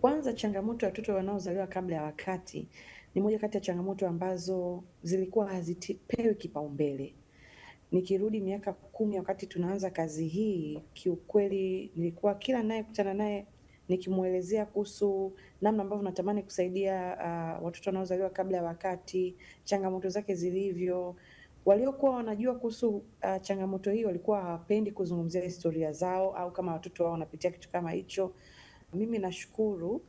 Kwanza, changamoto ya watoto wanaozaliwa kabla ya wakati ni moja kati ya changamoto ambazo zilikuwa hazipewi kipaumbele. Nikirudi miaka kumi wakati tunaanza kazi hii, kiukweli nilikuwa kila nayekutana naye nikimwelezea kuhusu namna ambavyo natamani kusaidia uh, watoto wanaozaliwa kabla ya wakati, changamoto zake zilivyo. Waliokuwa wanajua kuhusu uh, changamoto hii walikuwa hawapendi kuzungumzia historia zao, au kama watoto wao wanapitia kitu kama hicho mimi nashukuru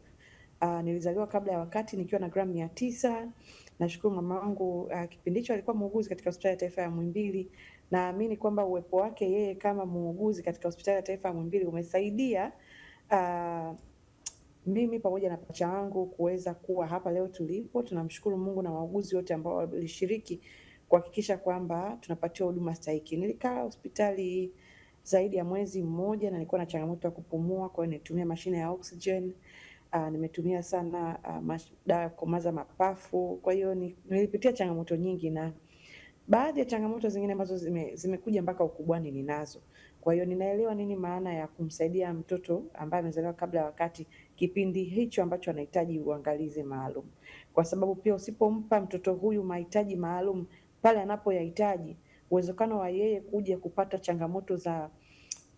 uh, nilizaliwa kabla ya wakati nikiwa na gramu mia tisa. Nashukuru mama wangu uh, kipindi hicho alikuwa muuguzi katika hospitali ya taifa ya Muhimbili. Naamini kwamba uwepo wake yeye kama muuguzi katika hospitali ya taifa ya Muhimbili umesaidia uh, mimi pamoja na pacha wangu kuweza kuwa hapa leo tulipo. Tunamshukuru Mungu na wauguzi wote ambao walishiriki kuhakikisha kwamba tunapatiwa huduma stahiki. Nilikaa hospitali zaidi ya mwezi mmoja, na nilikuwa na changamoto ya kupumua, kwa hiyo nilitumia mashine ya oxygen. Uh, nimetumia sana uh, dawa ya kukomaza mapafu. Kwa hiyo nilipitia changamoto nyingi, na baadhi ya changamoto zingine ambazo zime, zimekuja mpaka ukubwani ninazo. Kwa hiyo ninaelewa nini maana ya kumsaidia mtoto ambaye amezaliwa kabla ya wakati kipindi hicho ambacho anahitaji uangalizi maalum, kwa sababu pia usipompa mtoto huyu mahitaji maalum pale anapoyahitaji uwezekano wa yeye kuja kupata changamoto za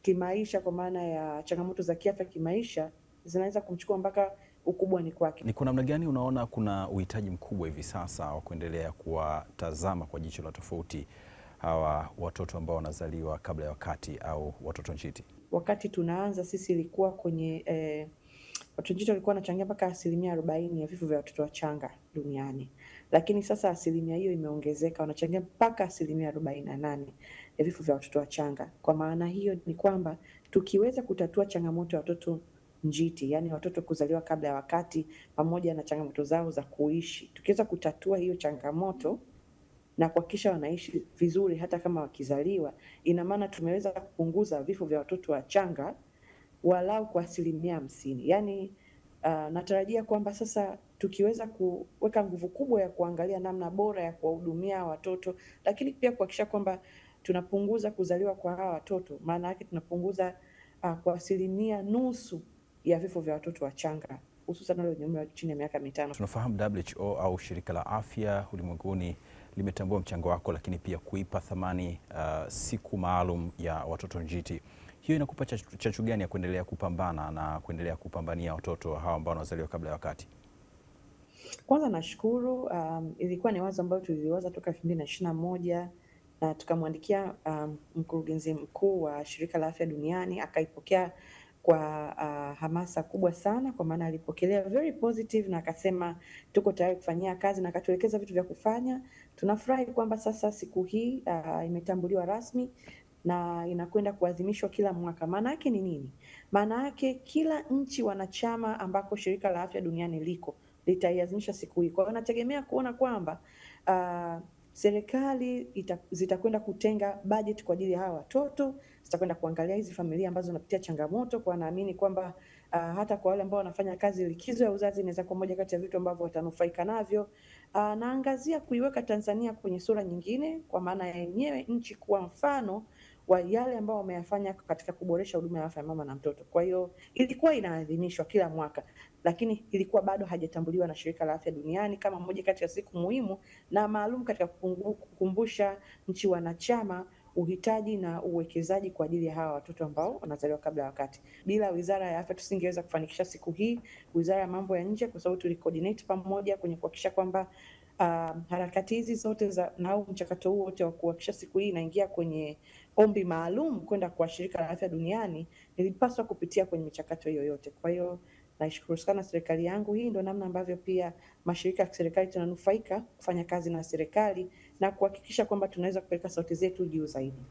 kimaisha, kwa maana ya changamoto za kiafya kimaisha, zinaweza kumchukua mpaka ukubwa ni kwake. Ni kwa namna gani unaona kuna uhitaji mkubwa hivi sasa wa kuendelea kuwatazama kwa jicho la tofauti hawa watoto ambao wanazaliwa kabla ya wakati au watoto njiti? Wakati tunaanza sisi ilikuwa kwenye eh, Watu njiti walikuwa wanachangia mpaka asilimia arobaini ya vifo vya watoto wachanga duniani, lakini sasa asilimia hiyo imeongezeka, wanachangia mpaka asilimia arobaini na nane ya vifo vya watoto wachanga. Kwa maana hiyo ni kwamba tukiweza kutatua changamoto ya watoto njiti, yani watoto kuzaliwa kabla ya wakati, pamoja na changamoto zao za kuishi, tukiweza kutatua hiyo changamoto na kuhakikisha wanaishi vizuri hata kama wakizaliwa, ina maana tumeweza kupunguza vifo vya watoto wachanga walau kwa asilimia hamsini. Yaani uh, natarajia kwamba sasa tukiweza kuweka nguvu kubwa ya kuangalia namna bora ya kuwahudumia watoto, lakini pia kuhakikisha kwamba tunapunguza kuzaliwa kwa hawa watoto, maana yake tunapunguza uh, kwa asilimia nusu ya vifo vya watoto wachanga hususan wale wenye umri wa chini ya miaka mitano. Tunafahamu WHO au shirika la afya ulimwenguni limetambua mchango wako, lakini pia kuipa thamani uh, siku maalum ya watoto njiti hiyo inakupa chachu, gani ya kuendelea kupambana na kuendelea kupambania watoto hawa ambao wanazaliwa kabla ya wakati? Kwanza nashukuru. Um, ilikuwa ni wazo ambayo tuliliwaza toka elfu mbili na ishirini na moja na tukamwandikia um, mkurugenzi mkuu wa Shirika la Afya Duniani akaipokea kwa uh, hamasa kubwa sana, kwa maana alipokelea very positive na akasema tuko tayari kufanyia kazi na akatuelekeza vitu vya kufanya. Tunafurahi kwamba sasa siku hii uh, imetambuliwa rasmi na inakwenda kuadhimishwa kila mwaka. Maana yake ni nini? Maana yake kila nchi wanachama ambako shirika la afya duniani liko litaiadhimisha siku hii. Kwa hiyo nategemea kuona kwamba uh, serikali zitakwenda kutenga bajeti kwa ajili ya hawa watoto, zitakwenda kuangalia hizi familia ambazo zinapitia changamoto, kwa naamini kwamba Uh, hata kwa wale ambao wanafanya kazi, likizo ya uzazi inaweza kuwa moja kati ya vitu ambavyo watanufaika navyo. Uh, naangazia kuiweka Tanzania kwenye sura nyingine, kwa maana ya yenyewe nchi kuwa mfano wa yale ambao wameyafanya katika kuboresha huduma ya afya ya mama na mtoto. Kwa hiyo ilikuwa inaadhimishwa kila mwaka, lakini ilikuwa bado hajatambuliwa na Shirika la Afya Duniani kama moja kati ya siku muhimu na maalum katika kukumbusha nchi wanachama uhitaji na uwekezaji kwa ajili ya hawa watoto ambao wanazaliwa kabla ya wakati. Bila wizara ya afya tusingeweza kufanikisha siku hii, wizara ya mambo ya nje, kwa sababu tulikoordinate pamoja kwenye kuhakikisha kwamba uh, harakati hizi zote za na mchakato huu wote wa kuhakikisha siku hii inaingia kwenye ombi maalum kwenda kwa shirika la afya duniani, nilipaswa kupitia kwenye michakato hiyo yote. Kwa hiyo naishukuru sana serikali yangu. Hii ndio namna ambavyo pia mashirika ya serikali tunanufaika kufanya kazi na serikali na kuhakikisha kwamba tunaweza kupeleka sauti zetu juu zaidi.